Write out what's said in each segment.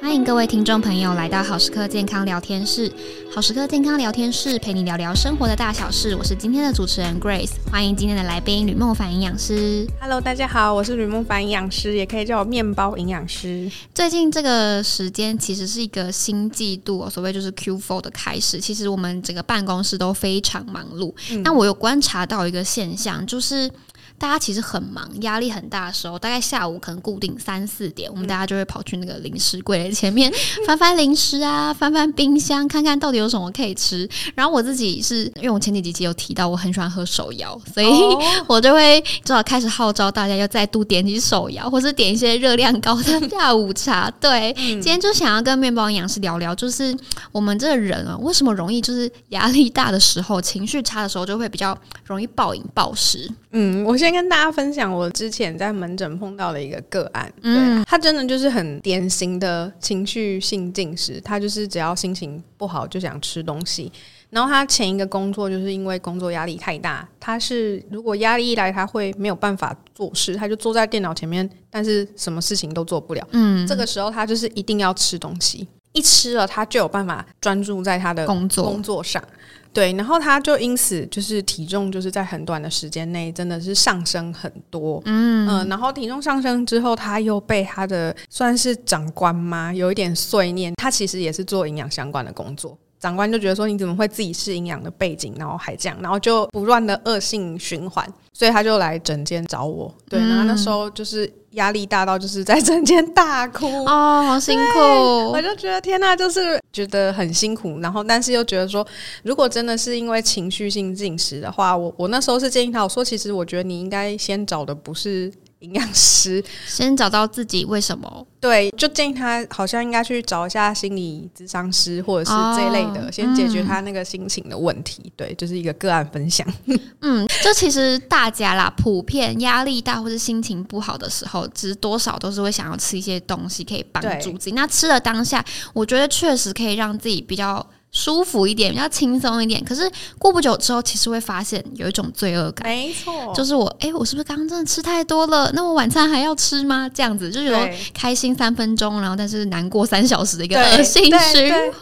歡迎各位聽眾朋友來到好時刻健康聊天室。好時刻健康聊天室陪你聊聊生活的大小事，我是今天的主持人 Grace，歡迎今天的來賓呂孟凡營養師。Hello，大家好，我是呂孟凡營養師，也可以叫我麵包營養師。最近這個時間其實是一個新季度，所謂就是 Q4 的開始，其實我們整個辦公室都非常忙碌。嗯。那我有觀察到一個現象，就是。大家其實很忙，壓力很大的時候，大概下午可能固定三四點，我們大家就會跑去那個零食櫃前面、嗯、翻翻零食啊，翻翻冰箱，看看到底有什麼可以吃。然後我自己是，因為我前幾集有提到我很喜歡喝手搖，所以我就會至少開始號召大家要再度點起手搖，或是點一些熱量高的下午茶。對，嗯、今天就想要跟麵包營養師聊聊，就是我們這個人啊，為什麼容易就是壓力大的時候，情緒差的時候，就會比較容易暴飲暴食？嗯，我現在。先跟大家分享我之前在門診碰到了一個個案，嗯，對，他真的就是很典型的情緒性進食，他就是只要心情不好就想吃東西。然後他前一個工作就是因為工作壓力太大，他是如果壓力一來他會沒有辦法做事，他就坐在電腦前面，但是什麼事情都做不了，嗯，這個時候他就是一定要吃東西。一吃了，他就有辦法專注在他的工作工作上，對，然後他就因此就是體重就是在很短的時間內真的是上升很多，嗯，呃，然後體重上升之後，他又被他的算是長官嗎，有一點碎念，他其實也是做營養相關的工作。長官就覺得說，你怎麼會自己是營養的背景，然後還這樣，然後就不斷的惡性循環，所以他就來診間找我。對，嗯、然後那時候就是壓力大到就是在診間大哭哦，好辛苦。我就覺得天哪，就是覺得很辛苦，然後但是又覺得說，如果真的是因為情緒性進食的話，我我那時候是建議他我說，其實我覺得你應該先找的不是。營養師，先找到自己為什麼。對，就建議他好像應該去找一下心理諮商師或者是這一類的，哦、先解決他那個心情的問題。嗯、對，就是一個個案分享。嗯，就其實大家啦， 普遍壓力大或是心情不好的時候，其實多少都是會想要吃一些東西可以幫助自己。對那吃了當下，我覺得確實可以讓自己比較舒服一點，比較輕鬆一點。可是過不久之後，其實會發現有一種罪惡感，沒錯錯，就是我，哎、欸，我是不是剛剛真的吃太多了？那我晚餐還要吃嗎？這樣子就覺得說開心三分鐘，然後但是難過三小時的一個惡性循環。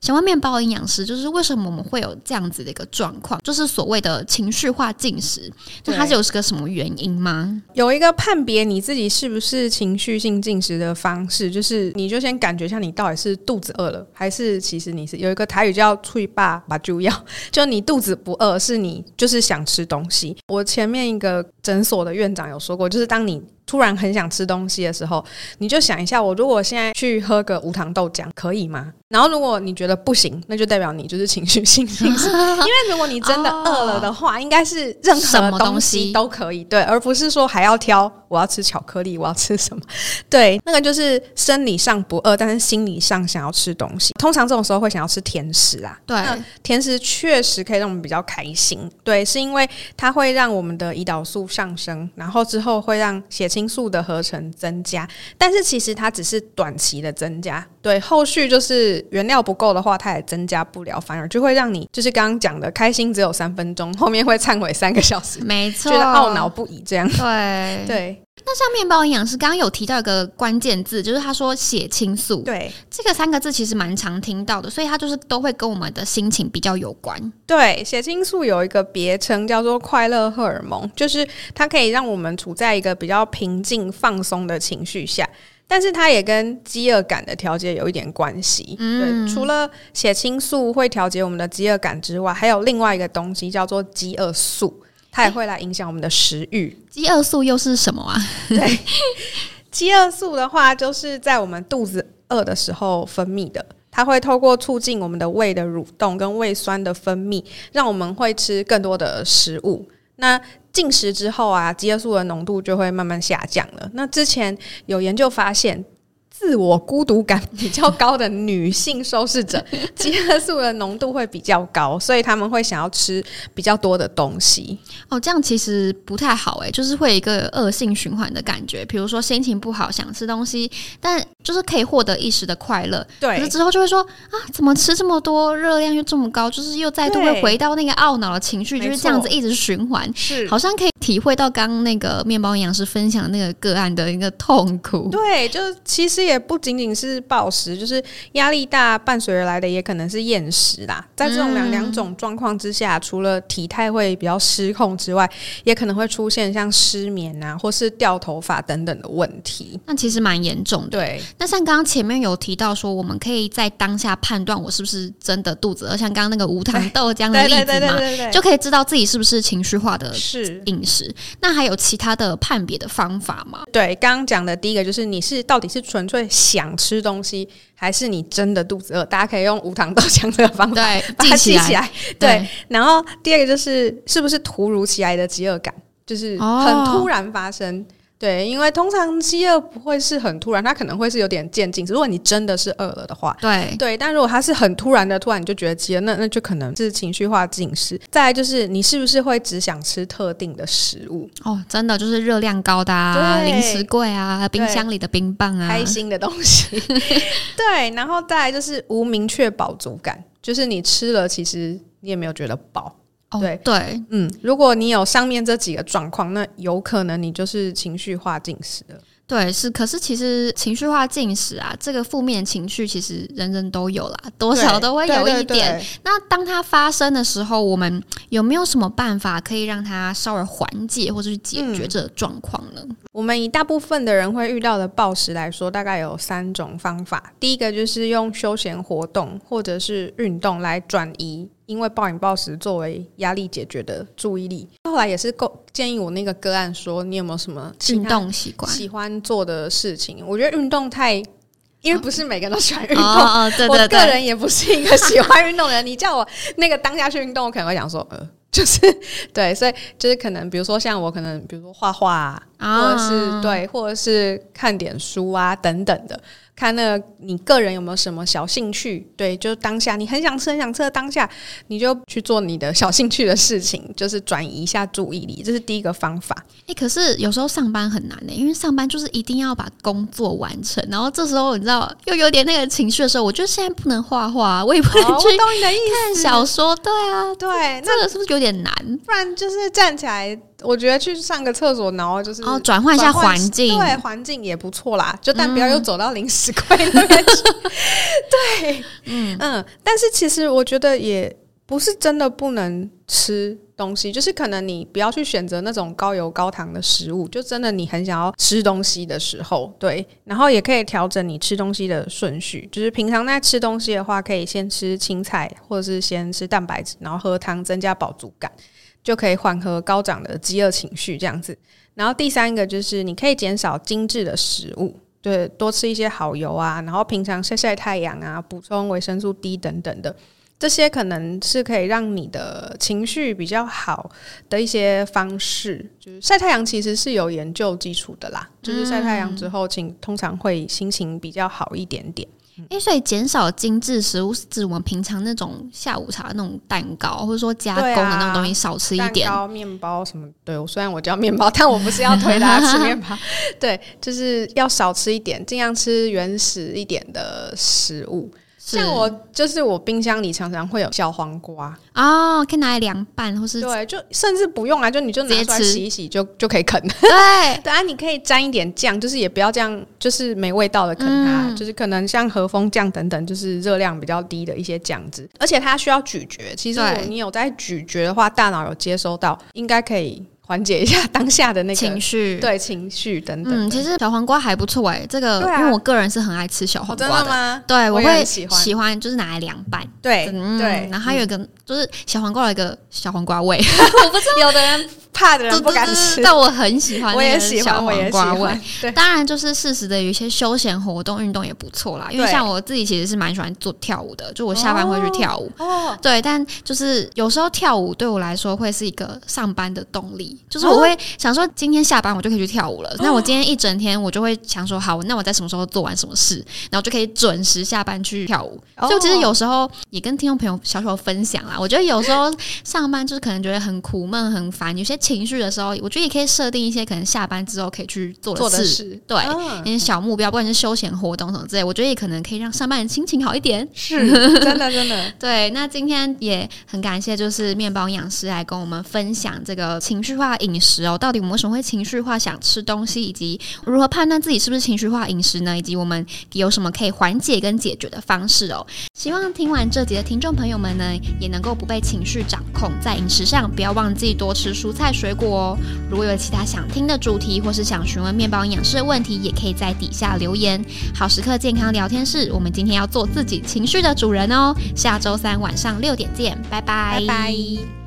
想問麵包營養師，就是為什麼我們會有這樣子的一個狀況，就是所謂的情緒化進食，那對它是有是個什麼原因嗎？有一個判別你自己是不是情緒性進食的方式，就是你就先感覺一下，你到底是肚子餓了，還是其實你是有。一個台語叫“出去霸”，把就要，就你肚子不餓，是你就是想吃東西。我前面一個，診所的院長有說過，就是當你突然很想吃東西的時候，你就想一下，我如果現在去喝個無糖豆漿可以嗎？然後如果你覺得不行，那就代表你就是情緒性進食 因為如果你真的餓了的話， 應該是任何東西都可以，對，而不是說還要挑。我要吃巧克力，我要吃什麼？對，那個就是生理上不餓，但是心理上想要吃東西。通常這種時候會想要吃甜食啊，對，甜食確實可以讓我們比較開心，對，是因為它會讓我們的胰島素，上升，然後之後會讓血清素的合成增加，但是其實它只是短期的增加。對，後續就是原料不夠的話，它也增加不了，反而就會讓你就是剛剛講的開心只有三分鐘，後面會懺悔三個小時，沒錯，覺得懊惱不已這樣。對對，對那像麵包營養師剛剛有提到一個關鍵字，就是他說血清素。對，這個三個字其實蠻常聽到的，所以它就是都會跟我們的心情比較有關。對，血清素有一個別稱叫做快樂荷爾蒙，就是它可以讓我們處在一個比較平靜、放鬆的情緒下。但是它也跟飢餓感的調節有一點關係。嗯、對，除了血清素會調節我們的飢餓感之外，還有另外一個東西叫做飢餓素，它也會來影響我們的食慾。飢餓素又是什麼啊？ 對，飢餓素的話，就是在我們肚子餓的時候分泌的，它會透過促進我們的胃的蠕動跟胃酸的分泌，讓我們會吃更多的食物。那進食之後啊，飢餓素的濃度就會慢慢下降了。那之前有研究發現，自我孤獨感比較高的女性受試者，飢餓素的濃度會比較高，所以他們會想要吃比較多的東西。哦，這樣其實不太好哎、欸，就是會有一個惡性循環的感覺。比如說心情不好想吃東西，但就是可以獲得一時的快樂，對可是之後就會說啊，怎麼吃這麼多，熱量又這麼高，就是又再度會回到那個懊惱的情緒，就是這樣子一直循環，是好像可以。體會到剛,剛那個麵包營養師分享的那個個案的一個痛苦，對，就其實也不僅僅是暴食，就是壓力大伴隨而來的也可能是厭食啦。在這種兩、嗯、兩種狀況之下，除了體態會比較失控之外，也可能會出現像失眠啊，或是掉頭髮等等的問題。那其實蠻嚴重的。對。那像剛剛前面有提到說，我們可以在當下判斷我是不是真的肚子餓，而像剛剛那個無糖豆漿唉的例子嘛，就可以知道自己是不是情緒化的飲食。是那還有其他的判別的方法嗎？對，剛剛講的第一個就是你是到底是純粹想吃東西，還是你真的肚子餓？大家可以用無糖豆漿這個方法把它記起來。起來對，對，然後第二個就是是不是突如其來的飢餓感，就是很突然發生。哦對，因為通常飢餓不會是很突然，它可能會是有點漸進。如果你真的是餓了的話，對對，但如果它是很突然的，突然你就覺得飢餓，那那就可能是情緒化進食。再來就是你是不是會只想吃特定的食物？哦，真的就是熱量高的啊，對零食櫃啊，冰箱裡的冰棒啊，開心的東西。 對，然後再來就是無明確飽足感，就是你吃了其實你也沒有覺得飽。哦、對對，嗯，如果你有上面這幾個狀況，那有可能你就是情緒化進食了。對，是。可是其實情緒化進食啊，這個負面情緒其實人人都有啦，多少都會有一點。對對對，那當它發生的時候，我們有沒有什麼辦法可以讓它稍微緩解或者去解決這個狀況呢？嗯。我們以大部分的人會遇到的暴食來說，大概有三種方法。第一個就是用休閒活動或者是運動來轉移。因為暴飲暴食作為壓力解決的注意力，後來也是夠建議我那個個案說，你有沒有什麼運動習慣喜歡做的事情？我覺得運動太，因為不是每個人都喜歡運動，對對對，我個人也不是一個喜歡運動的人。你叫我那個當下去運動，我可能會想說，呃，就是對，所以就是可能比如說像我可能比如說畫畫啊，或者是對，或者是看點書啊等等的。看，那你個人有沒有什麼小興趣？對，就是當下你很想吃，很想吃的當下，你就去做你的小興趣的事情，就是轉移一下注意力，這是第一個方法。哎、欸，可是有時候上班很難的、欸，因為上班就是一定要把工作完成。然後這時候你知道又有點那個情緒的時候，我就現在不能畫畫，我也不能去，哦，我懂你的意思，看小說。對啊，啊對，這那這個是不是有點難？不然就是站起來，我覺得去上個廁所，然後就是哦，轉換一下環境，對，環境也不錯啦。就但不要又走到零食櫃那邊去。嗯、 對，嗯嗯，但是其實我覺得也不是真的不能。吃東西就是可能你不要去選擇那種高油高糖的食物。就真的你很想要吃東西的時候，對，然後也可以調整你吃東西的順序，就是平常在吃東西的話，可以先吃青菜或者是先吃蛋白質，然後喝湯增加飽足感，就可以緩和高漲的飢餓情緒這樣子。然後第三個就是你可以減少精緻的食物，對，多吃一些好油啊，然後平常曬曬太陽啊，補充維生素 D 等等的。這些可能是可以讓你的情緒比較好的一些方式，就是曬太陽其實是有研究基礎的啦。就是曬太陽之後請，嗯、通常會心情比較好一點點、嗯。哎、欸，所以減少精致食物是指我們平常那種下午茶那種蛋糕，或者說加工的那種東西少吃一點。啊、蛋糕、麵包什麼？對我雖然我叫要麵包，但我不是要推大家吃麵包。 對，就是要少吃一點，儘量吃原始一點的食物。像我就是我冰箱裡常常會有小黃瓜哦，可以拿來涼拌，或是對，就甚至不用啊，就你就拿出來洗一洗就就，就可以啃。對，當然 啊，你可以沾一點醬，就是也不要這樣，就是沒味道的啃它，嗯、就是可能像和風醬等等，就是熱量比較低的一些醬汁，而且它需要咀嚼。其實如果你有在咀嚼的話，大腦有接收到，應該可以。緩解一下當下的那個情緒，對情緒等等。嗯，其實小黃瓜還不錯哎、欸，這個因為、啊、我個人是很愛吃小黃瓜的。真的嗎？對，我會喜歡，喜歡就是拿來涼拌。對的對、嗯，然後還有一個、嗯、就是小黃瓜有一個小黃瓜味，我不知道 有的人。怕的人不敢吃，但我很喜歡，我也喜歡，我也喜歡。當然就是適時的，有一些休閒活動、運動也不錯啦。對因為像我自己其實是蠻喜歡做跳舞的，就我下班會去跳舞。哦，對，但就是有時候跳舞對我來說會是一個上班的動力，就是我會想說，今天下班我就可以去跳舞了。哦、那我今天一整天我就會想說，好，那我在什麼時候做完什麼事，然後就可以準時下班去跳舞。就、哦、其實有時候也跟聽眾朋友小小分享啦，我覺得有時候上班就是可能覺得很苦悶、很煩，有些。情緒的時候，我覺得也可以設定一些可能下班之後可以去做的事，的對，一些、哦、小目標，不管是休閒活動什麼之類。我覺得也可能可以讓上班人心情好一點，是 真的，真的。對，那今天也很感謝，就是麵包營養師來跟我們分享這個情緒化飲食哦，到底我們為什麼會情緒化想吃東西，以及如何判斷自己是不是情緒化飲食呢？以及我們有什麼可以緩解跟解決的方式哦？希望聽完這集的聽眾朋友們呢，也能夠不被情緒掌控，在飲食上不要忘記多吃蔬菜。水果哦！如果有其他想聽的主題，或是想詢問麵包營養師的問題，也可以在底下留言。好時刻健康聊天室，我們今天要做自己情緒的主人哦！下週三晚上六點見，拜拜！拜拜。